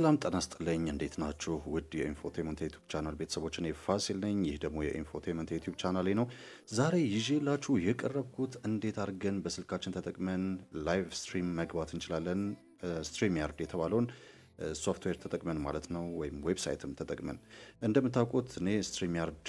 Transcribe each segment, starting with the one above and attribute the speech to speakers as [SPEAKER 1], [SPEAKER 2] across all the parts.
[SPEAKER 1] ሰላም ጤና ይስጥልኝ። እንዴት ናችሁ? ውድ የኢንፎቴመንት ዩቲዩብ ቻናል ቤተሰቦች እኔ ፋሲል ነኝ። ይህ ደግሞ የኢንፎቴመንት ዩቲዩብ ቻናሌ ነው። ዛሬ ይዤላችሁ የቀረብኩት እንዴት አድርገን በስልካችን ተጠቅመን ላይቭ ስትሪም መግባት እንችላለን ስትሪም ያርድ የተባለውን ሶፍትዌር ተጠቅመን ማለት ነው፣ ወይም ዌብሳይትም ተጠቅመን። እንደምታውቁት እኔ ስትሪም ያርድ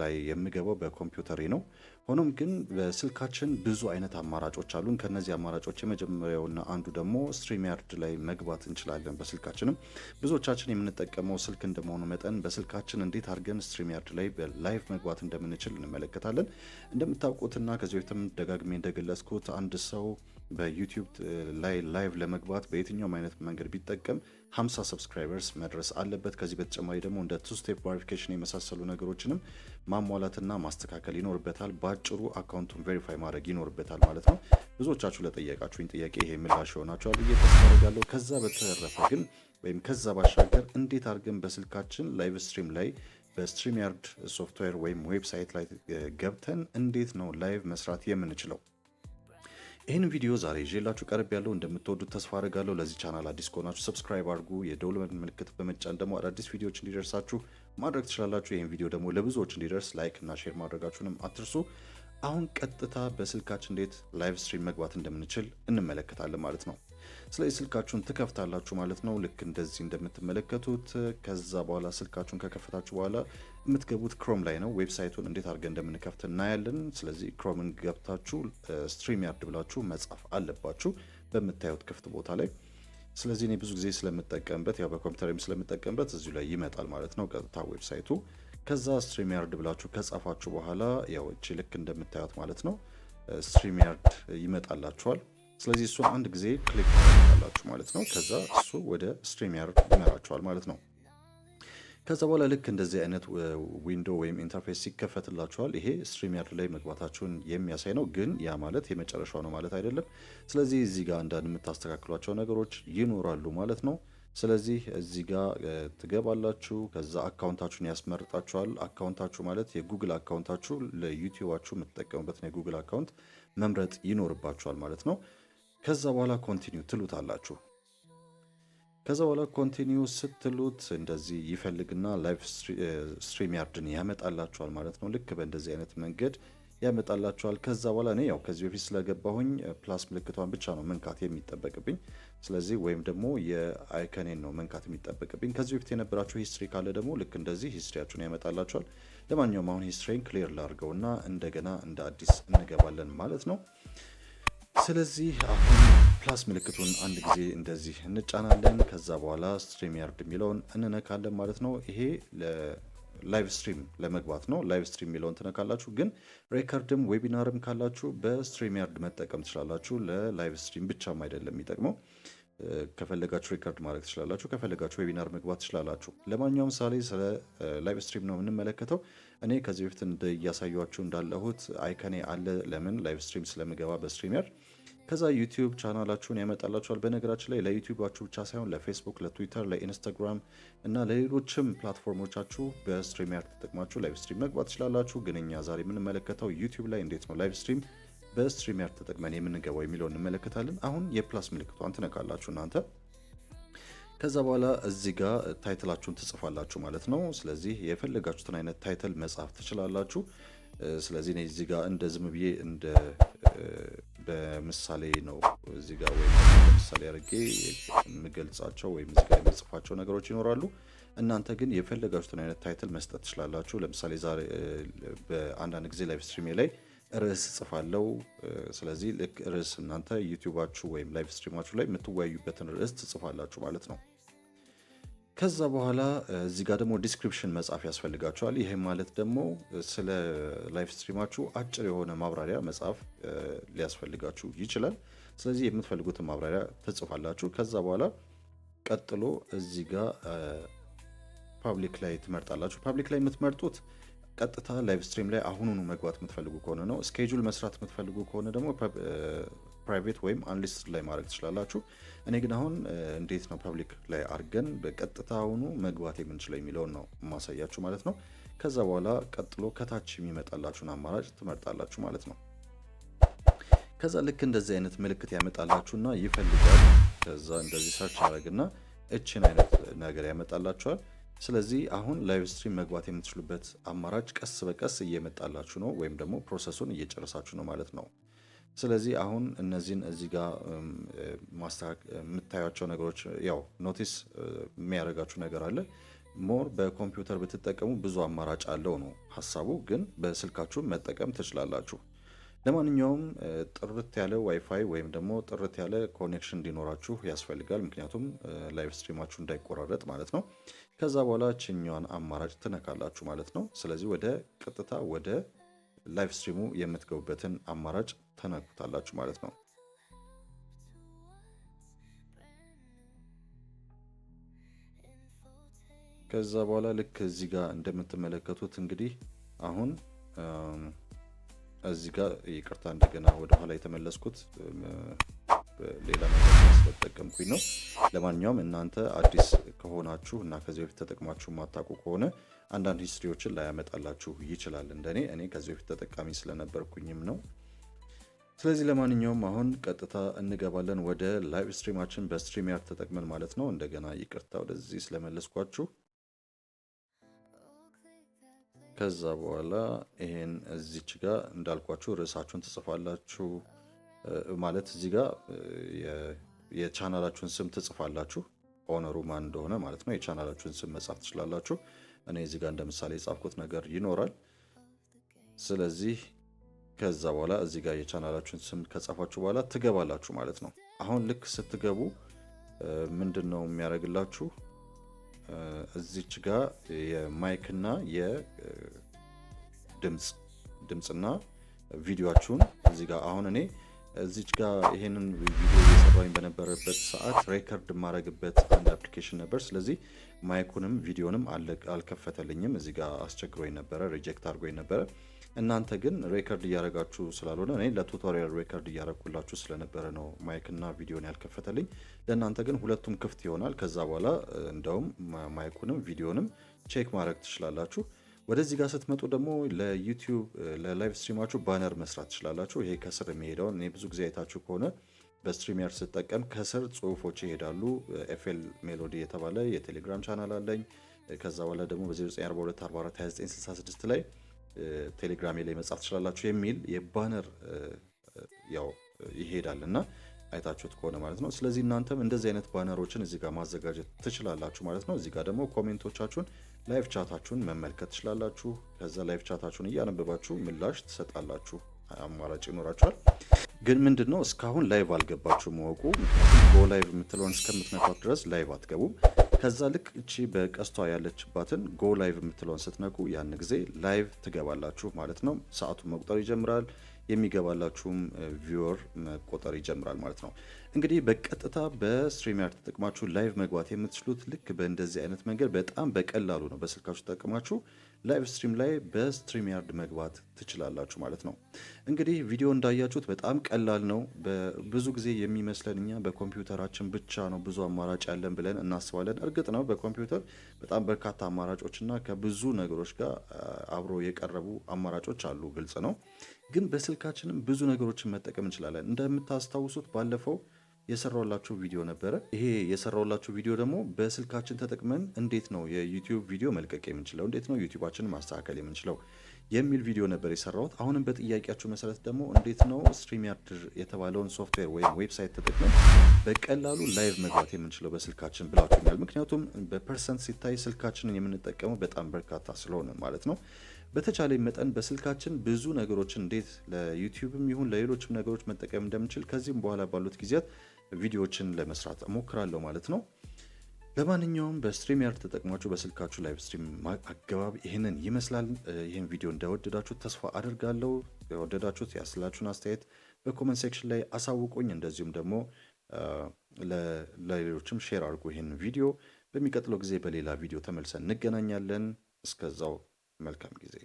[SPEAKER 1] ላይ የምገባው በኮምፒውተሬ ነው። ሆኖም ግን በስልካችን ብዙ አይነት አማራጮች አሉን። ከነዚህ አማራጮች የመጀመሪያውና አንዱ ደግሞ ስትሪም ያርድ ላይ መግባት እንችላለን። በስልካችንም ብዙዎቻችን የምንጠቀመው ስልክ እንደመሆኑ መጠን በስልካችን እንዴት አድርገን ስትሪም ያርድ ላይ በላይቭ መግባት እንደምንችል እንመለከታለን። እንደምታውቁትና ከዚህ በፊትም ደጋግሜ እንደገለጽኩት አንድ ሰው በዩቲዩብ ላይ ላይቭ ለመግባት በየትኛውም አይነት መንገድ ቢጠቀም 50 ሰብስክራይበርስ መድረስ አለበት። ከዚህ በተጨማሪ ደግሞ እንደ ቱ ስቴፕ ቫሪፊኬሽን የመሳሰሉ ነገሮችንም ማሟላትና ማስተካከል ይኖርበታል። በአጭሩ አካውንቱን ቬሪፋይ ማድረግ ይኖርበታል ማለት ነው። ብዙዎቻችሁ ለጠየቃችሁኝ ጥያቄ ይሄ ምላሽ ይሆናችኋል ብዬ ተስፋ አደርጋለሁ። ከዛ በተረፈ ግን ወይም ከዛ ባሻገር እንዴት አድርገን በስልካችን ላይቭ ስትሪም ላይ በስትሪም ያርድ ሶፍትዌር ወይም ዌብሳይት ላይ ገብተን እንዴት ነው ላይቭ መስራት የምንችለው ይህን ቪዲዮ ዛሬ ይዤላችሁ ቀርብ ያለው እንደምትወዱት ተስፋ አድርጋለሁ። ለዚህ ቻናል አዲስ ከሆናችሁ ሰብስክራይብ አድርጉ። የደውል ምልክት በመጫን ደግሞ አዳዲስ ቪዲዮዎች እንዲደርሳችሁ ማድረግ ትችላላችሁ። ይህን ቪዲዮ ደግሞ ለብዙዎች እንዲደርስ ላይክ እና ሼር ማድረጋችሁንም አትርሱ። አሁን ቀጥታ በስልካችን እንዴት ላይቭ ስትሪም መግባት እንደምንችል እንመለከታለን ማለት ነው። ስለዚህ ስልካችሁን ትከፍታላችሁ ማለት ነው። ልክ እንደዚህ እንደምትመለከቱት። ከዛ በኋላ ስልካችሁን ከከፈታችሁ በኋላ የምትገቡት ክሮም ላይ ነው። ዌብሳይቱን እንዴት አድርገን እንደምንከፍት እናያለን። ስለዚህ ክሮምን ገብታችሁ ስትሪም ያርድ ብላችሁ መጻፍ አለባችሁ በምታዩት ክፍት ቦታ ላይ ስለዚህ እኔ ብዙ ጊዜ ስለምጠቀምበት ያው በኮምፒውተርም ስለምጠቀምበት እዚሁ ላይ ይመጣል ማለት ነው፣ ቀጥታ ዌብሳይቱ። ከዛ ስትሪም ያርድ ብላችሁ ከጻፋችሁ በኋላ ያው እቺ ልክ እንደምታዩት ማለት ነው ስትሪም ያርድ ይመጣላችኋል። ስለዚህ እሱን አንድ ጊዜ ክሊክ ያላችሁ ማለት ነው። ከዛ እሱ ወደ ስትሪም ያር ይመራችኋል ማለት ነው። ከዛ በኋላ ልክ እንደዚህ አይነት ዊንዶ ወይም ኢንተርፌስ ሲከፈትላችኋል ይሄ ስትሪም ያርድ ላይ መግባታችሁን የሚያሳይ ነው። ግን ያ ማለት የመጨረሻው ነው ማለት አይደለም። ስለዚህ እዚህ ጋር አንዳንድ የምታስተካክሏቸው ነገሮች ይኖራሉ ማለት ነው። ስለዚህ እዚህ ጋር ትገባላችሁ። ከዛ አካውንታችሁን ያስመርጣችኋል። አካውንታችሁ ማለት የጉግል አካውንታችሁ ለዩቲዩባችሁ የምትጠቀሙበትን የጉግል አካውንት መምረጥ ይኖርባችኋል ማለት ነው። ከዛ በኋላ ኮንቲኒው ትሉት አላችሁ። ከዛ በኋላ ኮንቲኒው ስትሉት እንደዚህ ይፈልግና ላይቭ ስትሪም ያርድን ያመጣላችኋል ማለት ነው። ልክ በእንደዚህ አይነት መንገድ ያመጣላችኋል። ከዛ በኋላ እኔ ያው ከዚህ በፊት ስለገባሁኝ ፕላስ ምልክቷን ብቻ ነው መንካት የሚጠበቅብኝ። ስለዚህ ወይም ደግሞ የአይከኔን ነው መንካት የሚጠበቅብኝ። ከዚህ በፊት የነበራችሁ ሂስትሪ ካለ ደግሞ ልክ እንደዚህ ሂስትሪያችሁን ያመጣላችኋል። ለማንኛውም አሁን ሂስትሪን ክሊር ላድርገውና እንደገና እንደ አዲስ እንገባለን ማለት ነው። ስለዚህ አሁን ፕላስ ምልክቱን አንድ ጊዜ እንደዚህ እንጫናለን። ከዛ በኋላ ስትሪም ያርድ የሚለውን እንነካለን ማለት ነው። ይሄ ላይቭ ስትሪም ለመግባት ነው። ላይቭ ስትሪም የሚለውን ትነካላችሁ። ግን ሬከርድም ዌቢናርም ካላችሁ በስትሪም ያርድ መጠቀም ትችላላችሁ። ለላይቭ ስትሪም ብቻም አይደለም የሚጠቅመው። ከፈለጋችሁ ሪከርድ ማድረግ ትችላላችሁ። ከፈለጋችሁ ዌቢናር መግባት ትችላላችሁ። ለማንኛውም ምሳሌ ስለ ላይቭ ስትሪም ነው የምንመለከተው። እኔ ከዚህ በፊት እያሳያችሁ እንዳለሁት አይከኔ አለ። ለምን ላይቭ ስትሪም ስለምገባ በስትሪም ያርድ ከዛ ዩቲዩብ ቻናላችሁን ያመጣላችኋል። በነገራችን ላይ ለዩቲዩባችሁ ብቻ ሳይሆን ለፌስቡክ፣ ለትዊተር፣ ለኢንስታግራም እና ለሌሎችም ፕላትፎርሞቻችሁ በስትሪም ያር ተጠቅማችሁ ላይቭ ስትሪም መግባት ትችላላችሁ። ግን እኛ ዛሬ የምንመለከተው ዩቲዩብ ላይ እንዴት ነው ላይቭ ስትሪም በስትሪም ያርድ ተጠቅመን የምንገባው የሚለው እንመለከታለን። አሁን የፕላስ ምልክቷን ትነካላችሁ እናንተ ከዛ በኋላ እዚህ ጋር ታይትላችሁን ትጽፋላችሁ ማለት ነው። ስለዚህ የፈለጋችሁትን አይነት ታይትል መጻፍ ትችላላችሁ። ስለዚህ እዚህ ጋር እንደ ዝም ብዬ እንደ በምሳሌ ነው እዚህ ጋር ወይም በምሳሌ አድርጌ የምገልጻቸው ወይም እዚህ ጋር የምጽፋቸው ነገሮች ይኖራሉ። እናንተ ግን የፈለጋችሁትን አይነት ታይትል መስጠት ትችላላችሁ። ለምሳሌ ዛሬ በአንዳንድ ጊዜ ላይቭ ስትሪሜ ላይ ርዕስ ጽፋለው። ስለዚህ ልክ ርዕስ እናንተ ዩቲዩባችሁ ወይም ላይቭ ስትሪማችሁ ላይ የምትወያዩበትን ርዕስ ትጽፋላችሁ ማለት ነው። ከዛ በኋላ እዚህ ጋር ደግሞ ዲስክሪፕሽን መጻፍ ያስፈልጋቸዋል። ይሄ ማለት ደግሞ ስለ ላይፍ ስትሪማችሁ አጭር የሆነ ማብራሪያ መጻፍ ሊያስፈልጋችሁ ይችላል። ስለዚህ የምትፈልጉትን ማብራሪያ ትጽፋላችሁ። ከዛ በኋላ ቀጥሎ እዚህ ጋር ፓብሊክ ላይ ትመርጣላችሁ። ፓብሊክ ላይ የምትመርጡት ቀጥታ ላይቭ ስትሪም ላይ አሁኑኑ መግባት የምትፈልጉ ከሆነ ነው። ስኬጁል መስራት የምትፈልጉ ከሆነ ደግሞ ፕራይቬት ወይም አንሊስትድ ላይ ማድረግ ትችላላችሁ። እኔ ግን አሁን እንዴት ነው ፐብሊክ ላይ አድርገን በቀጥታውኑ መግባት የምንችለው የሚለውን ነው የማሳያችሁ ማለት ነው። ከዛ በኋላ ቀጥሎ ከታች የሚመጣላችሁን አማራጭ ትመርጣላችሁ ማለት ነው። ከዛ ልክ እንደዚህ አይነት ምልክት ያመጣላችሁና ይፈልጋል። ከዛ እንደዚህ ሰርች ያደረግና እችን አይነት ነገር ያመጣላችኋል። ስለዚህ አሁን ላይቭ ስትሪም መግባት የምትችሉበት አማራጭ ቀስ በቀስ እየመጣላችሁ ነው፣ ወይም ደግሞ ፕሮሰሱን እየጨረሳችሁ ነው ማለት ነው። ስለዚህ አሁን እነዚህን እዚህ ጋር የምታያቸው ነገሮች ያው ኖቲስ የሚያደርጋችሁ ነገር አለ። ሞር በኮምፒውተር ብትጠቀሙ ብዙ አማራጭ አለው ነው ሀሳቡ፣ ግን በስልካችሁ መጠቀም ትችላላችሁ። ለማንኛውም ጥርት ያለ ዋይፋይ ወይም ደግሞ ጥርት ያለ ኮኔክሽን እንዲኖራችሁ ያስፈልጋል። ምክንያቱም ላይቭ ስትሪማችሁ እንዳይቆራረጥ ማለት ነው። ከዛ በኋላ ችኛዋን አማራጭ ትነካላችሁ ማለት ነው። ስለዚህ ወደ ቀጥታ ወደ ላይቭ ስትሪሙ የምትገቡበትን አማራጭ ተነኩታላችሁ ማለት ነው። ከዛ በኋላ ልክ እዚህ ጋር እንደምትመለከቱት እንግዲህ አሁን እዚህ ጋር ይቅርታ፣ እንደገና ወደኋላ የተመለስኩት ሌላ ነገር ስለተጠቀምኩኝ ነው። ለማንኛውም እናንተ አዲስ ከሆናችሁ እና ከዚህ በፊት ተጠቅማችሁ የማታውቁ ከሆነ አንዳንድ ሂስትሪዎችን ላያመጣላችሁ ይችላል። እንደኔ እኔ ከዚህ በፊት ተጠቃሚ ስለነበርኩኝም ነው ስለዚህ ለማንኛውም አሁን ቀጥታ እንገባለን ወደ ላይቭ ስትሪማችን በስትሪም ያርድ ተጠቅመን ማለት ነው። እንደገና ይቅርታ ወደዚህ ስለመለስኳችሁ። ከዛ በኋላ ይሄን እዚች ጋ እንዳልኳችሁ ርዕሳችሁን ትጽፋላችሁ ማለት እዚህ ጋ የቻናላችሁን ስም ትጽፋላችሁ። ኦነሩ ማን እንደሆነ ማለት ነው። የቻናላችሁን ስም መጻፍ ትችላላችሁ። እኔ እዚህ ጋ እንደምሳሌ የጻፍኩት ነገር ይኖራል። ስለዚህ ከዛ በኋላ እዚህ ጋር የቻናላችሁን ስም ከጻፋችሁ በኋላ ትገባላችሁ ማለት ነው። አሁን ልክ ስትገቡ ምንድን ነው የሚያደርግላችሁ? እዚች ጋር የማይክና የድምፅ ድምፅና ቪዲዮችሁን እዚህ ጋር አሁን እኔ እዚች ጋር ይሄንን ቪዲዮ እየሰራኝ በነበረበት ሰዓት ሬከርድ የማደርግበት አንድ አፕሊኬሽን ነበር። ስለዚህ ማይኩንም ቪዲዮንም አልከፈተልኝም። እዚህ ጋር አስቸግሮኝ ነበረ፣ ሪጀክት አድርጎኝ ነበረ። እናንተ ግን ሬከርድ እያደረጋችሁ ስላልሆነ እኔ ለቱቶሪያል ሬከርድ እያደረግኩላችሁ ስለነበረ ነው ማይክና ቪዲዮን ያልከፈተልኝ። ለእናንተ ግን ሁለቱም ክፍት ይሆናል። ከዛ በኋላ እንደውም ማይኩንም ቪዲዮንም ቼክ ማድረግ ትችላላችሁ። ወደዚህ ጋር ስትመጡ ደግሞ ለዩቲዩብ ለላይቭ ስትሪማችሁ ባነር መስራት ትችላላችሁ። ይሄ ከስር የሚሄደውን እኔ ብዙ ጊዜ አይታችሁ ከሆነ በስትሪሚያር ስጠቀም ከስር ጽሁፎች ይሄዳሉ። ኤፍኤል ሜሎዲ የተባለ የቴሌግራም ቻናል አለኝ። ከዛ በኋላ ደግሞ በ0942 44 ላይ ቴሌግራም ላይ መጻፍ ትችላላችሁ የሚል የባነር ያው ይሄዳል እና አይታችሁት ከሆነ ማለት ነው። ስለዚህ እናንተም እንደዚህ አይነት ባነሮችን እዚህ ጋር ማዘጋጀት ትችላላችሁ ማለት ነው። እዚህ ጋር ደግሞ ኮሜንቶቻችሁን፣ ላይቭ ቻታችሁን መመልከት ትችላላችሁ። ከዛ ላይቭ ቻታችሁን እያነበባችሁ ምላሽ ትሰጣላችሁ። አማራጭ ይኖራችኋል። ግን ምንድን ነው እስካሁን ላይቭ አልገባችሁ መወቁ ጎ ላይቭ የምትለውን እስከምትነኳት ድረስ ላይቭ አትገቡም። ከዛ ልክ እቺ በቀስቷ ያለችባትን ጎ ላይቭ የምትለውን ስትነኩ ያን ጊዜ ላይቭ ትገባላችሁ ማለት ነው። ሰዓቱን መቁጠር ይጀምራል። የሚገባላችሁም ቪወር መቆጠር ይጀምራል ማለት ነው። እንግዲህ በቀጥታ በስትሪምያርድ ተጠቅማችሁ ላይቭ መግባት የምትችሉት ልክ በእንደዚህ አይነት መንገድ በጣም በቀላሉ ነው። በስልካችሁ ተጠቅማችሁ ላይቭ ስትሪም ላይ በስትሪምያርድ መግባት ትችላላችሁ ማለት ነው። እንግዲህ ቪዲዮ እንዳያችሁት በጣም ቀላል ነው። ብዙ ጊዜ የሚመስለን እኛ በኮምፒውተራችን ብቻ ነው ብዙ አማራጭ ያለን ብለን እናስባለን። እርግጥ ነው በኮምፒውተር በጣም በርካታ አማራጮች እና ከብዙ ነገሮች ጋር አብሮ የቀረቡ አማራጮች አሉ፣ ግልጽ ነው። ግን በስልካችንም ብዙ ነገሮችን መጠቀም እንችላለን። እንደምታስታውሱት ባለፈው የሰራውላችሁ ቪዲዮ ነበረ። ይሄ የሰራውላችሁ ቪዲዮ ደግሞ በስልካችን ተጠቅመን እንዴት ነው የዩቲዩብ ቪዲዮ መልቀቅ የምንችለው፣ እንዴት ነው ዩቲዩባችንን ማስተካከል የምንችለው የሚል ቪዲዮ ነበር የሰራሁት። አሁንም በጥያቄያችሁ መሰረት ደግሞ እንዴት ነው ስትሪምያርድ የተባለውን ሶፍትዌር ወይም ዌብሳይት ተጠቅመን በቀላሉ ላይቭ መግባት የምንችለው በስልካችን ብላችሁኛል። ምክንያቱም በፐርሰንት ሲታይ ስልካችንን የምንጠቀመው በጣም በርካታ ስለሆነ ማለት ነው። በተቻለ መጠን በስልካችን ብዙ ነገሮችን እንዴት ለዩቲዩብም ይሁን ለሌሎችም ነገሮች መጠቀም እንደምንችል ከዚህም በኋላ ባሉት ጊዜያት ቪዲዮዎችን ለመስራት እሞክራለሁ ማለት ነው። ለማንኛውም በስትሪም ያርድ ተጠቅማችሁ በስልካችሁ ላይቭ ስትሪም አገባብ ይህንን ይመስላል። ይህን ቪዲዮ እንደወደዳችሁት ተስፋ አድርጋለሁ። የወደዳችሁት ያስላችሁን አስተያየት በኮመንት ሴክሽን ላይ አሳውቁኝ። እንደዚሁም ደግሞ ለሌሎችም ሼር አድርጉ ይህን ቪዲዮ። በሚቀጥለው ጊዜ በሌላ ቪዲዮ ተመልሰን እንገናኛለን። እስከዛው መልካም ጊዜ